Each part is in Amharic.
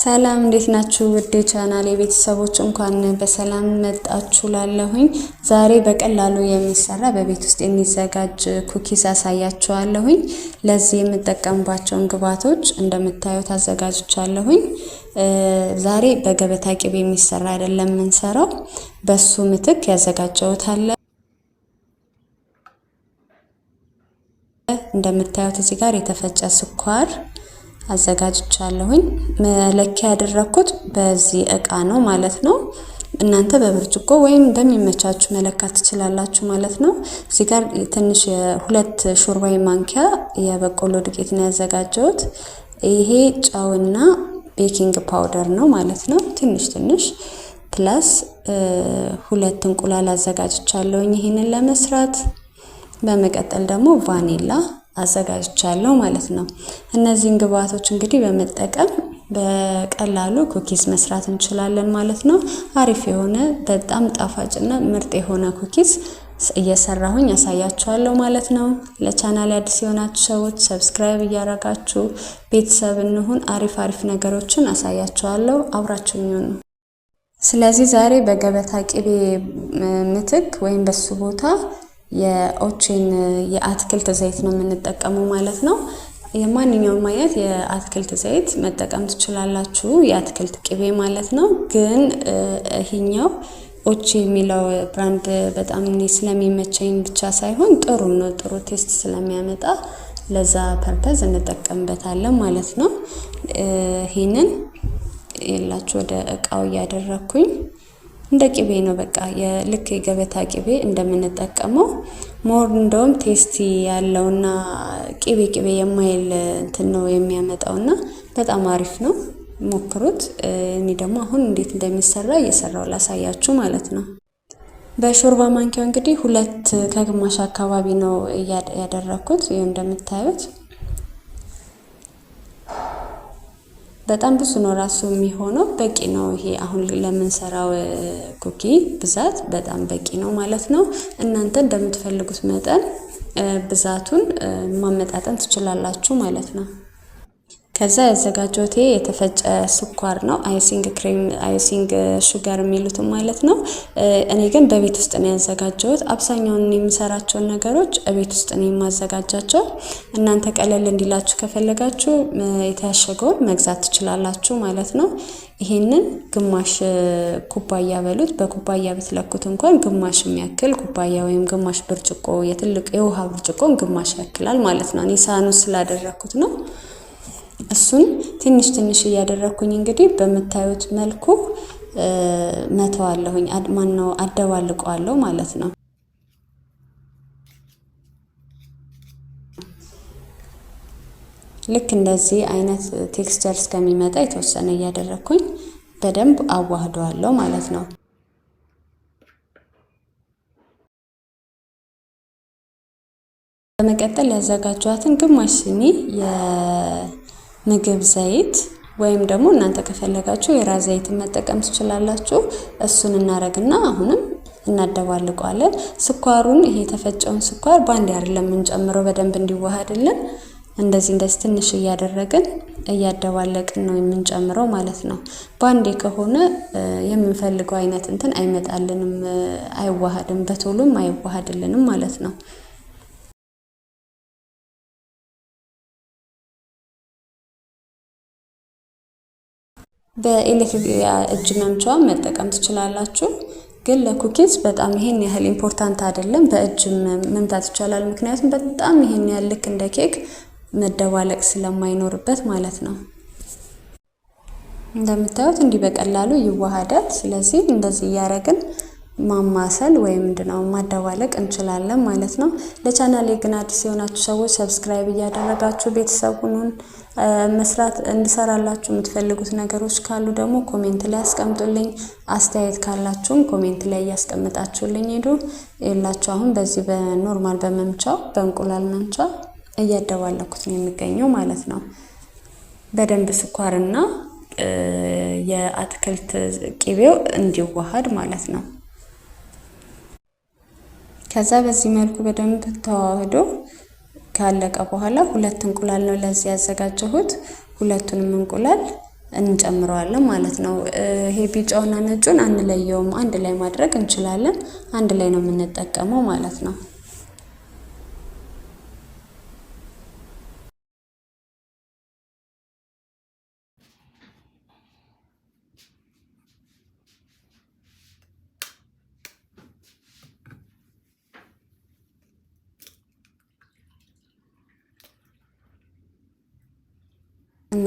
ሰላም እንዴት ናችሁ? ውድ ቻናል የቤተሰቦች እንኳን በሰላም መጣችሁ ላለሁኝ። ዛሬ በቀላሉ የሚሰራ በቤት ውስጥ የሚዘጋጅ ኩኪስ አሳያችኋለሁኝ። ለዚህ የምጠቀምባቸውን ግብዓቶች እንደምታዩት አዘጋጅቻለሁኝ። ዛሬ በገበታ ቅቤ የሚሰራ አይደለም የምንሰራው፣ በሱ ምትክ ያዘጋጀውታለ እንደምታዩት እዚህ ጋር የተፈጨ ስኳር አዘጋጅቻለሁኝ። መለኪያ ያደረኩት በዚህ እቃ ነው ማለት ነው። እናንተ በብርጭቆ ወይም በሚመቻችሁ መለካት ትችላላችሁ ማለት ነው። እዚህ ጋር ትንሽ የሁለት ሾርባዊ ማንኪያ የበቆሎ ዱቄት ነው ያዘጋጀሁት። ይሄ ጨውና ቤኪንግ ፓውደር ነው ማለት ነው። ትንሽ ትንሽ ፕላስ ሁለት እንቁላል አዘጋጅቻለሁኝ ይህንን ለመስራት። በመቀጠል ደግሞ ቫኒላ አዘጋጅቻለሁ ማለት ነው። እነዚህን ግብአቶች እንግዲህ በመጠቀም በቀላሉ ኩኪስ መስራት እንችላለን ማለት ነው። አሪፍ የሆነ በጣም ጣፋጭና ምርጥ የሆነ ኩኪስ እየሰራሁኝ ያሳያችኋለሁ ማለት ነው። ለቻናል አዲስ የሆናችሁ ሰዎች ሰብስክራይብ እያረጋችሁ ቤተሰብ እንሁን። አሪፍ አሪፍ ነገሮችን አሳያችኋለሁ። አብራችሁኝ ሆኑ። ስለዚህ ዛሬ በገበታ ቅቤ ምትክ ወይም በሱ ቦታ የኦቼን የአትክልት ዘይት ነው የምንጠቀመው ማለት ነው። የማንኛውም አይነት የአትክልት ዘይት መጠቀም ትችላላችሁ፣ የአትክልት ቅቤ ማለት ነው። ግን ይሄኛው ኦቼ የሚለው ብራንድ በጣም እኔ ስለሚመቸኝ ብቻ ሳይሆን ጥሩ ነው፣ ጥሩ ቴስት ስለሚያመጣ ለዛ ፐርፐዝ እንጠቀምበታለን ማለት ነው። ይህንን የላችሁ ወደ እቃው እያደረግኩኝ እንደ ቅቤ ነው። በቃ የልክ የገበታ ቅቤ እንደምንጠቀመው ሞር እንደውም ቴስቲ ያለውና ቅቤ ቅቤ የማይል እንትን ነው የሚያመጣውና በጣም አሪፍ ነው። ሞክሩት። እኔ ደግሞ አሁን እንዴት እንደሚሰራ እየሰራው ላሳያችሁ ማለት ነው። በሾርባ ማንኪያው እንግዲህ ሁለት ከግማሽ አካባቢ ነው ያደረኩት። ይህ እንደምታዩት በጣም ብዙ ነው ራሱ የሚሆነው በቂ ነው። ይሄ አሁን ለምንሰራው ኩኪ ብዛት በጣም በቂ ነው ማለት ነው። እናንተ እንደምትፈልጉት መጠን ብዛቱን ማመጣጠን ትችላላችሁ ማለት ነው። ከዛ ያዘጋጀሁት የተፈጨ ስኳር ነው። አይሲንግ ክሬም፣ አይሲንግ ሹገር የሚሉትም ማለት ነው። እኔ ግን በቤት ውስጥ ነው ያዘጋጀሁት። አብዛኛውን የምሰራቸውን ነገሮች ቤት ውስጥ ነው የማዘጋጃቸው። እናንተ ቀለል እንዲላችሁ ከፈለጋችሁ የታሸገውን መግዛት ትችላላችሁ ማለት ነው። ይሄንን ግማሽ ኩባያ በሉት፣ በኩባያ ብትለኩት እንኳን ግማሽ የሚያክል ኩባያ ወይም ግማሽ ብርጭቆ የትልቅ የውሃ ብርጭቆን ግማሽ ያክላል ማለት ነው። እኔ ሳህኑ ስላደረኩት ነው እሱን ትንሽ ትንሽ እያደረግኩኝ እንግዲህ በምታዩት መልኩ መተዋለሁኝ። ማነው አደባልቀዋለሁ ማለት ነው። ልክ እንደዚህ አይነት ቴክስቸር እስከሚመጣ የተወሰነ እያደረግኩኝ በደንብ አዋህደዋለሁ ማለት ነው። በመቀጠል ያዘጋጇትን ግማሽ ሲኒ ምግብ ዘይት ወይም ደግሞ እናንተ ከፈለጋችሁ የራ ዘይትን መጠቀም ትችላላችሁ። እሱን እናረግና አሁንም እናደባልቀዋለን። ስኳሩን ይሄ የተፈጨውን ስኳር በአንድ አይደለም የምንጨምረው፣ በደንብ እንዲዋሃድልን እንደዚህ እንደዚህ ትንሽ እያደረግን እያደባለቅን ነው የምንጨምረው ማለት ነው። በአንዴ ከሆነ የምንፈልገው አይነት እንትን አይመጣልንም፣ አይዋሃድም፣ በቶሎም አይዋሃድልንም ማለት ነው። በኤሌክትሪክ እጅ መምቻዋን መጠቀም ትችላላችሁ። ግን ለኩኪስ በጣም ይሄን ያህል ኢምፖርታንት አይደለም። በእጅ መምታት ይቻላል። ምክንያቱም በጣም ይሄን ያህል ልክ እንደ ኬክ መደባለቅ ስለማይኖርበት ማለት ነው። እንደምታዩት እንዲህ በቀላሉ ይዋሃዳል። ስለዚህ እንደዚህ እያደረግን ማማሰል ወይም ምንድነው ማደባለቅ እንችላለን ማለት ነው። ለቻናሌ ግን አዲስ የሆናችሁ ሰዎች ሰብስክራይብ እያደረጋችሁ ቤተሰቡን መስራት እንድሰራላችሁ የምትፈልጉት ነገሮች ካሉ ደግሞ ኮሜንት ላይ አስቀምጡልኝ። አስተያየት ካላችሁም ኮሜንት ላይ እያስቀምጣችሁልኝ ሄዱ። የላችሁ አሁን በዚህ በኖርማል በመምቻው በእንቁላል መምቻ እያደባለኩት ነው የሚገኘው ማለት ነው። በደንብ ስኳርና የአትክልት ቂቤው እንዲዋሃድ ማለት ነው። ከዛ በዚህ መልኩ በደንብ ተዋህዶ ካለቀ በኋላ ሁለት እንቁላል ነው ለዚህ ያዘጋጀሁት። ሁለቱንም እንቁላል እንጨምረዋለን ማለት ነው። ይሄ ቢጫውና ነጩን አንለየውም፣ አንድ ላይ ማድረግ እንችላለን። አንድ ላይ ነው የምንጠቀመው ማለት ነው።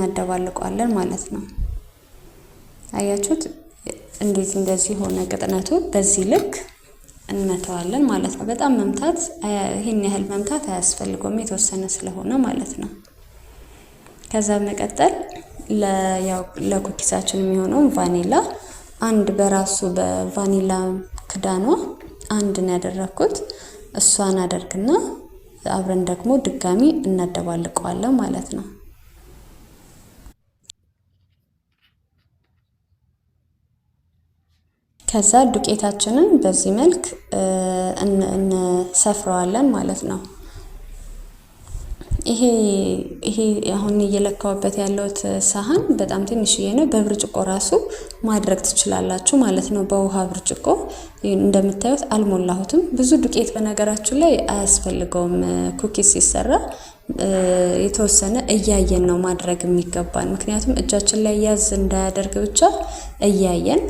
እናደባልቀዋለን ማለት ነው። አያችሁት እንዴት እንደዚህ ሆነ ቅጥነቱ። በዚህ ልክ እንመተዋለን ማለት ነው። በጣም መምታት ይህን ያህል መምታት አያስፈልገውም የተወሰነ ስለሆነ ማለት ነው። ከዛ በመቀጠል ለኩኪሳችን የሚሆነውን ቫኒላ አንድ በራሱ በቫኒላ ክዳኗ አንድን ያደረግኩት እሷን አደርግና አብረን ደግሞ ድጋሚ እናደባልቀዋለን ማለት ነው። ከዛ ዱቄታችንን በዚህ መልክ እንሰፍረዋለን ማለት ነው። ይሄ ይሄ አሁን እየለካውበት ያለውት ሳህን በጣም ትንሽዬ ነው። በብርጭቆ ራሱ ማድረግ ትችላላችሁ ማለት ነው። በውሃ ብርጭቆ እንደምታዩት አልሞላሁትም። ብዙ ዱቄት በነገራችሁ ላይ አያስፈልገውም። ኩኪስ ሲሰራ የተወሰነ እያየን ነው ማድረግ የሚገባን፣ ምክንያቱም እጃችን ላይ ያዝ እንዳያደርግ ብቻ እያየን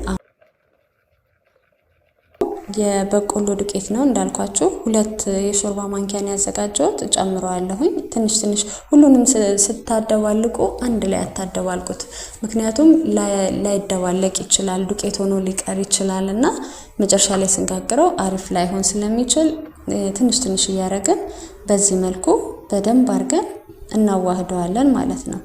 የበቆሎ ዱቄት ነው እንዳልኳችሁ ሁለት የሾርባ ማንኪያን ያዘጋጀሁት ጨምረዋለሁኝ። ትንሽ ትንሽ ሁሉንም ስታደባልቁ አንድ ላይ አታደባልቁት፣ ምክንያቱም ላይደባለቅ ይችላል፣ ዱቄት ሆኖ ሊቀር ይችላል እና መጨረሻ ላይ ስንጋግረው አሪፍ ላይሆን ስለሚችል ትንሽ ትንሽ እያደረግን በዚህ መልኩ በደንብ አድርገን እናዋህደዋለን ማለት ነው።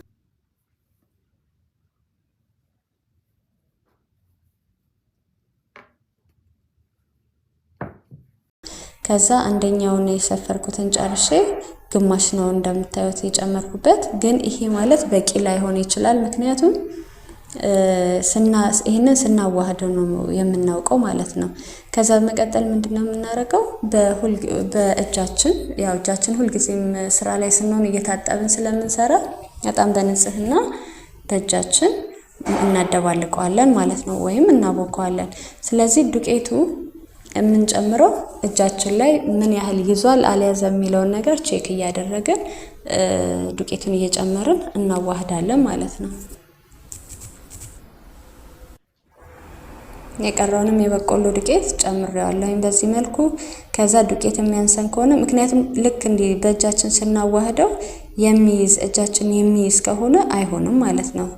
ከዛ አንደኛውን የሰፈርኩትን ጨርሼ ግማሽ ነው እንደምታዩት የጨመርኩበት። ግን ይሄ ማለት በቂ ላይሆን ይችላል፣ ምክንያቱም ይህንን ስናዋህድ ነው የምናውቀው ማለት ነው። ከዛ በመቀጠል ምንድን ነው የምናደርገው? በእጃችን ያው እጃችን ሁልጊዜም ስራ ላይ ስንሆን እየታጠብን ስለምንሰራ በጣም በንጽህና በእጃችን እናደባልቀዋለን ማለት ነው፣ ወይም እናቦከዋለን። ስለዚህ ዱቄቱ የምንጨምረው እጃችን ላይ ምን ያህል ይዟል አልያዘ የሚለውን ነገር ቼክ እያደረግን ዱቄቱን እየጨመርን እናዋህዳለን ማለት ነው። የቀረውንም የበቆሎ ዱቄት ጨምሬዋለሁ በዚህ መልኩ። ከዛ ዱቄት የሚያንሰን ከሆነ ምክንያቱም ልክ እንዲህ በእጃችን ስናዋህደው የሚይዝ እጃችን የሚይዝ ከሆነ አይሆንም ማለት ነው።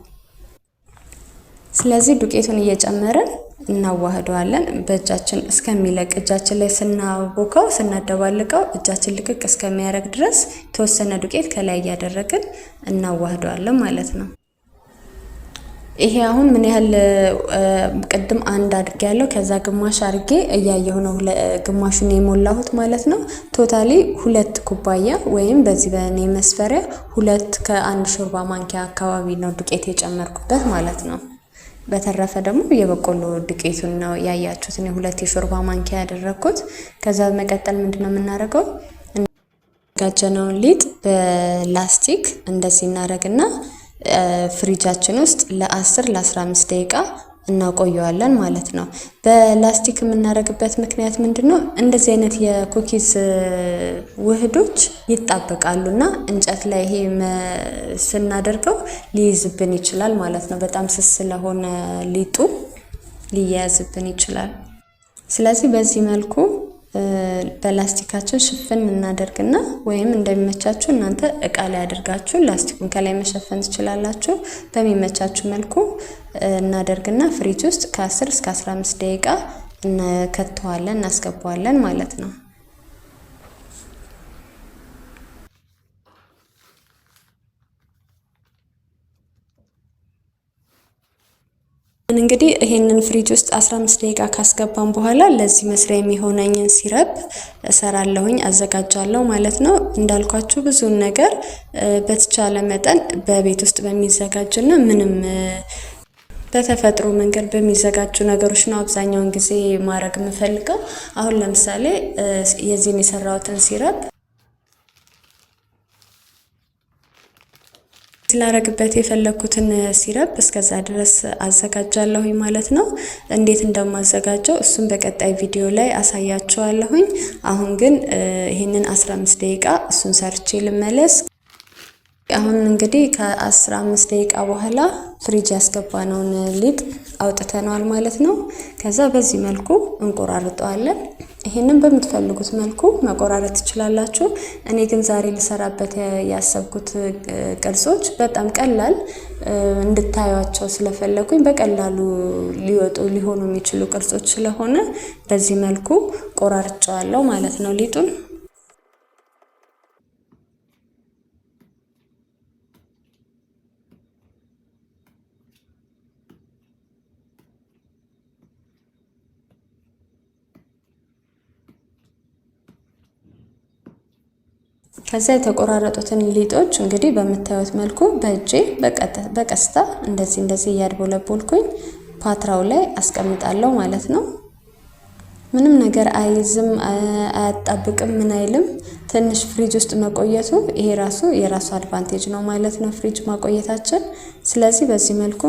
ስለዚህ ዱቄቱን እየጨመርን እናዋህደዋለን። በእጃችን እስከሚለቅ እጃችን ላይ ስናቦካው ስናደባልቀው እጃችን ልቅቅ እስከሚያደርግ ድረስ የተወሰነ ዱቄት ከላይ እያደረግን እናዋህደዋለን ማለት ነው። ይሄ አሁን ምን ያህል ቅድም አንድ አድርጌ ያለው ከዛ ግማሽ አድርጌ እያየሁ ነው ግማሹን የሞላሁት ማለት ነው። ቶታሊ ሁለት ኩባያ ወይም በዚህ በእኔ መስፈሪያ ሁለት ከአንድ ሾርባ ማንኪያ አካባቢ ነው ዱቄት የጨመርኩበት ማለት ነው። በተረፈ ደግሞ የበቆሎ ዱቄቱን ነው እኔ የሁለት የሾርባ ማንኪያ ያደረግኩት። ከዛ በመቀጠል ምንድን ነው የምናደርገው ጋጀነውን ሊጥ በላስቲክ እንደዚህ እናደርግና ፍሪጃችን ውስጥ ለ10 ለ15 ደቂቃ እናቆየዋለን ማለት ነው። በላስቲክ የምናደርግበት ምክንያት ምንድን ነው? እንደዚህ አይነት የኩኪስ ውህዶች ይጣበቃሉ እና እንጨት ላይ ይሄ ስናደርገው ሊይዝብን ይችላል ማለት ነው። በጣም ስስ ስለሆነ ሊጡ ሊያያዝብን ይችላል። ስለዚህ በዚህ መልኩ በላስቲካችን ሽፍን እናደርግና ወይም እንደሚመቻችሁ እናንተ እቃ ላይ አድርጋችሁ ላስቲኩን ከላይ መሸፈን ትችላላችሁ። በሚመቻችሁ መልኩ እናደርግና ፍሪጅ ውስጥ ከ10 እስከ 15 ደቂቃ እንከተዋለን፣ እናስገባዋለን ማለት ነው። እንግዲህ ይሄንን ፍሪጅ ውስጥ 15 ደቂቃ ካስገባን በኋላ ለዚህ መስሪያ የሚሆነኝን ሲረፕ እሰራለሁኝ አዘጋጃለሁ ማለት ነው። እንዳልኳችሁ ብዙን ነገር በተቻለ መጠን በቤት ውስጥ በሚዘጋጅና ምንም በተፈጥሮ መንገድ በሚዘጋጁ ነገሮች ነው አብዛኛውን ጊዜ ማድረግ የምፈልገው። አሁን ለምሳሌ የዚህን የሰራሁትን ሲረፕ ስላረግበት የፈለግኩትን ሲረብ እስከዛ ድረስ አዘጋጃለሁኝ ማለት ነው። እንዴት እንደማዘጋጀው እሱን በቀጣይ ቪዲዮ ላይ አሳያችኋለሁኝ። አሁን ግን ይህንን 15 ደቂቃ እሱን ሰርቼ ልመለስ። አሁን እንግዲህ ከአስራ አምስት ደቂቃ በኋላ ፍሪጅ ያስገባነውን ሊጥ አውጥተነዋል ማለት ነው። ከዛ በዚህ መልኩ እንቆራርጠዋለን። ይህንን በምትፈልጉት መልኩ መቆራረጥ ትችላላችሁ። እኔ ግን ዛሬ ልሰራበት ያሰብኩት ቅርጾች በጣም ቀላል እንድታዩቸው ስለፈለኩኝ በቀላሉ ሊወጡ ሊሆኑ የሚችሉ ቅርጾች ስለሆነ በዚህ መልኩ ቆራርጨዋለሁ ማለት ነው ሊጡን ከዛ የተቆራረጡትን ሊጦች እንግዲህ በምታዩት መልኩ በእጄ በቀስታ እንደዚህ እንደዚህ እያድቦለቦልኩኝ ፓትራው ላይ አስቀምጣለሁ ማለት ነው። ምንም ነገር አይዝም፣ አያጣብቅም፣ ምን አይልም። ትንሽ ፍሪጅ ውስጥ መቆየቱ ይሄ ራሱ የራሱ አድቫንቴጅ ነው ማለት ነው፣ ፍሪጅ ማቆየታችን። ስለዚህ በዚህ መልኩ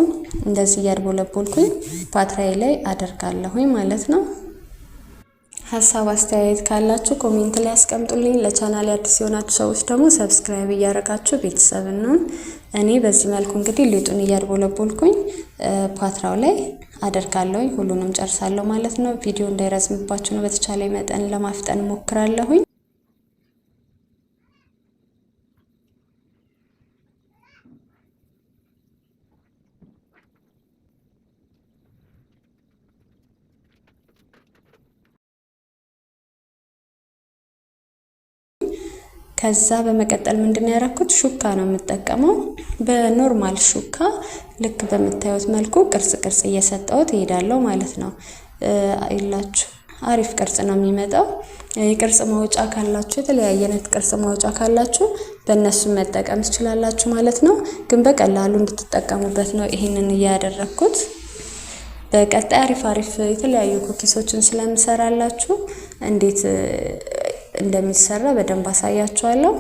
እንደዚህ እያድቦለቦልኩኝ ፓትራዬ ላይ አደርጋለሁኝ ማለት ነው። ሀሳብ አስተያየት ካላችሁ ኮሜንት ላይ አስቀምጡልኝ ለቻናል አዲስ የሆናችሁ ሰዎች ደግሞ ሰብስክራይብ እያደረጋችሁ ቤተሰብ እንሁን። እኔ በዚህ መልኩ እንግዲህ ሊጡን እያድቦለቦልኩኝ ፓትራው ላይ አደርጋለሁኝ። ሁሉንም ጨርሳለሁ ማለት ነው። ቪዲዮ እንዳይረዝምባችሁ ነው በተቻለ መጠን ለማፍጠን ሞክራለሁኝ። ከዛ በመቀጠል ምንድን ያደረኩት? ሹካ ነው የምጠቀመው። በኖርማል ሹካ ልክ በምታዩት መልኩ ቅርጽ ቅርጽ እየሰጠሁት እሄዳለሁ ማለት ነው። ይላችሁ አሪፍ ቅርጽ ነው የሚመጣው። የቅርጽ ማውጫ ካላችሁ የተለያየ አይነት ቅርጽ ማውጫ ካላችሁ በእነሱ መጠቀም ትችላላችሁ ማለት ነው። ግን በቀላሉ እንድትጠቀሙበት ነው ይህንን እያደረግኩት። በቀጣይ አሪፍ አሪፍ የተለያዩ ኩኪሶችን ስለምሰራላችሁ እንዴት እንደሚሰራ በደንብ አሳያችኋለሁ።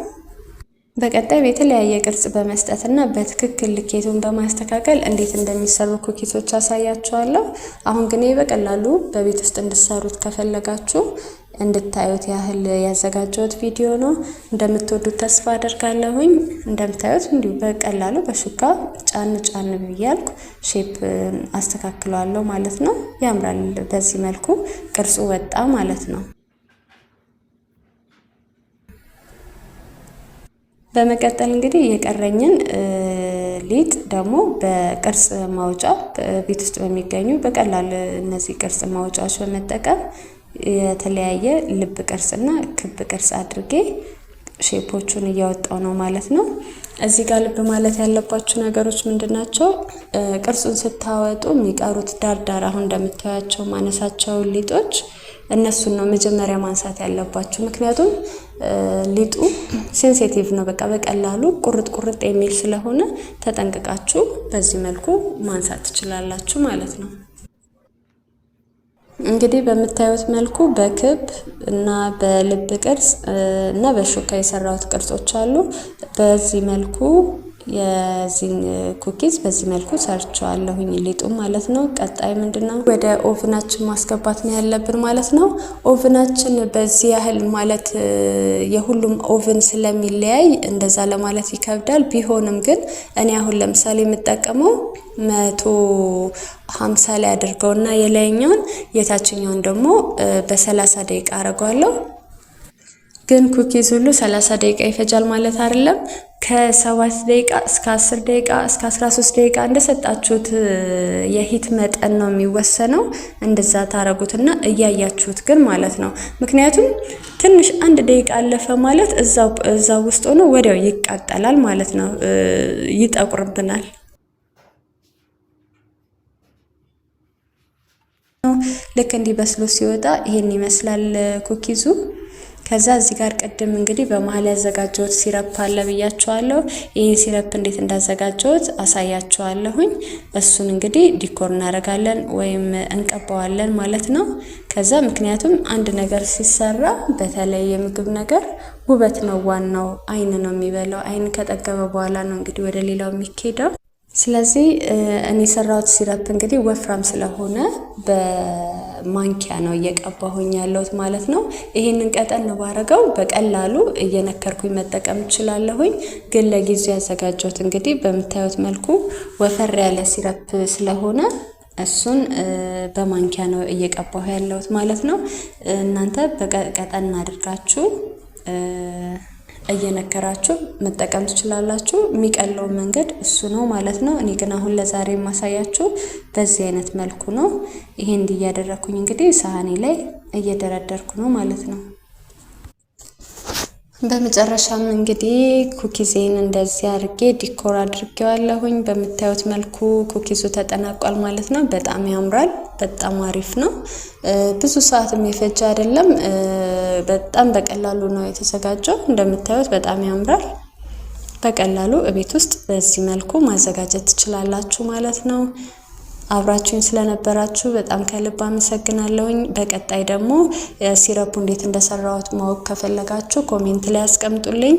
በቀጣይ የተለያየ ቅርጽ በመስጠት እና በትክክል ልኬቱን በማስተካከል እንዴት እንደሚሰሩ ኩኪሶች አሳያችኋለሁ። አሁን ግን በቀላሉ በቤት ውስጥ እንድሰሩት ከፈለጋችሁ እንድታዩት ያህል ያዘጋጀሁት ቪዲዮ ነው። እንደምትወዱት ተስፋ አደርጋለሁኝ። እንደምታዩት እንዲሁ በቀላሉ በሹካ ጫን ጫን ብያልኩ ሼፕ አስተካክለዋለሁ ማለት ነው። ያምራል። በዚህ መልኩ ቅርጹ ወጣ ማለት ነው። በመቀጠል እንግዲህ የቀረኝን ሊጥ ደግሞ በቅርጽ ማውጫ ቤት ውስጥ በሚገኙ በቀላል እነዚህ ቅርጽ ማውጫዎች በመጠቀም የተለያየ ልብ ቅርጽና ክብ ቅርጽ አድርጌ ሼፖቹን እያወጣው ነው ማለት ነው። እዚህ ጋር ልብ ማለት ያለባችሁ ነገሮች ምንድን ናቸው? ቅርጹን ስታወጡ የሚቀሩት ዳርዳር አሁን እንደምታያቸው ማነሳቸው ሊጦች እነሱን ነው መጀመሪያ ማንሳት ያለባችሁ። ምክንያቱም ሊጡ ሴንሲቲቭ ነው፣ በቃ በቀላሉ ቁርጥ ቁርጥ የሚል ስለሆነ ተጠንቅቃችሁ በዚህ መልኩ ማንሳት ትችላላችሁ ማለት ነው። እንግዲህ በምታዩት መልኩ በክብ እና በልብ ቅርጽ እና በሹካ የሰራሁት ቅርጾች አሉ። በዚህ መልኩ የዚህን ኩኪዝ uh, በዚህ መልኩ ሰርቸዋለሁኝ ሊጡም ማለት ነው። ቀጣይ ምንድን ነው ወደ ኦቭናችን ማስገባት ነው ያለብን ማለት ነው። ኦቭናችን በዚህ ያህል ማለት uh, የሁሉም ኦቭን ስለሚለያይ እንደዛ ለማለት ይከብዳል። ቢሆንም ግን እኔ አሁን ለምሳሌ የምጠቀመው መቶ ሀምሳ ላይ አድርገው እና የላይኛውን የታችኛውን ደግሞ uh, በሰላሳ ደቂቃ አረጓለሁ። ግን ኩኪዝ ሁሉ 30 ደቂቃ ይፈጃል ማለት አይደለም። ከሰባት ደቂቃ እስከ አስር ደቂቃ እስከ አስራ ሶስት ደቂቃ እንደሰጣችሁት የሂት መጠን ነው የሚወሰነው። እንደዛ ታረጉትና እያያችሁት ግን ማለት ነው። ምክንያቱም ትንሽ አንድ ደቂቃ አለፈ ማለት እዛው ውስጥ ሆኖ ወዲያው ይቃጠላል ማለት ነው፣ ይጠቁርብናል። ልክ እንዲበስሎ ሲወጣ ይሄን ይመስላል ኩኪዙ። ከዛ እዚህ ጋር ቅድም እንግዲህ በመሀል ያዘጋጀሁት ሲረፕ አለ ብያችኋለሁ። ይህን ሲረፕ እንዴት እንዳዘጋጀሁት አሳያችኋለሁኝ። እሱን እንግዲህ ዲኮር እናደርጋለን ወይም እንቀባዋለን ማለት ነው። ከዛ ምክንያቱም አንድ ነገር ሲሰራ በተለይ የምግብ ነገር ውበት ነው ዋናው። አይን ነው የሚበላው። አይን ከጠገበ በኋላ ነው እንግዲህ ወደ ሌላው የሚኬደው። ስለዚህ እኔ የሰራሁት ሲረፕ እንግዲህ ወፍራም ስለሆነ በማንኪያ ነው እየቀባሁኝ ያለሁት ማለት ነው። ይህንን ቀጠን ባረገው በቀላሉ እየነከርኩኝ መጠቀም እችላለሁኝ። ግን ለጊዜው ያዘጋጀሁት እንግዲህ በምታዩት መልኩ ወፈር ያለ ሲረፕ ስለሆነ እሱን በማንኪያ ነው እየቀባሁ ያለሁት ማለት ነው። እናንተ በቀጠን አድርጋችሁ እየነከራችሁ መጠቀም ትችላላችሁ። የሚቀለው መንገድ እሱ ነው ማለት ነው። እኔ ግን አሁን ለዛሬ የማሳያችሁ በዚህ አይነት መልኩ ነው። ይሄ እንዲህ እያደረግኩኝ እንግዲህ ሳህኔ ላይ እየደረደርኩ ነው ማለት ነው። በመጨረሻም እንግዲህ ኩኪዜን እንደዚህ አድርጌ ዲኮር አድርጌዋለሁኝ። በምታዩት መልኩ ኩኪሱ ተጠናቋል ማለት ነው። በጣም ያምራል። በጣም አሪፍ ነው። ብዙ ሰዓትም የፈጀ አይደለም። በጣም በቀላሉ ነው የተዘጋጀው። እንደምታዩት በጣም ያምራል። በቀላሉ እቤት ውስጥ በዚህ መልኩ ማዘጋጀት ትችላላችሁ ማለት ነው። አብራችሁኝ ስለነበራችሁ በጣም ከልብ አመሰግናለሁኝ። በቀጣይ ደግሞ ሲረፑ እንዴት እንደሰራሁት ማወቅ ከፈለጋችሁ ኮሜንት ላይ አስቀምጡልኝ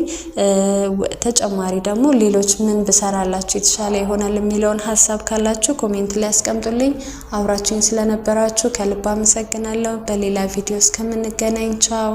ተጨማሪ ደግሞ ሌሎች ምን ብሰራላችሁ የተሻለ ይሆናል የሚለውን ሀሳብ ካላችሁ ኮሜንት ላይ አስቀምጡልኝ አብራችሁኝ ስለነበራችሁ ከልብ አመሰግናለሁ። በሌላ ቪዲዮ እስከምንገናኝ ቻው።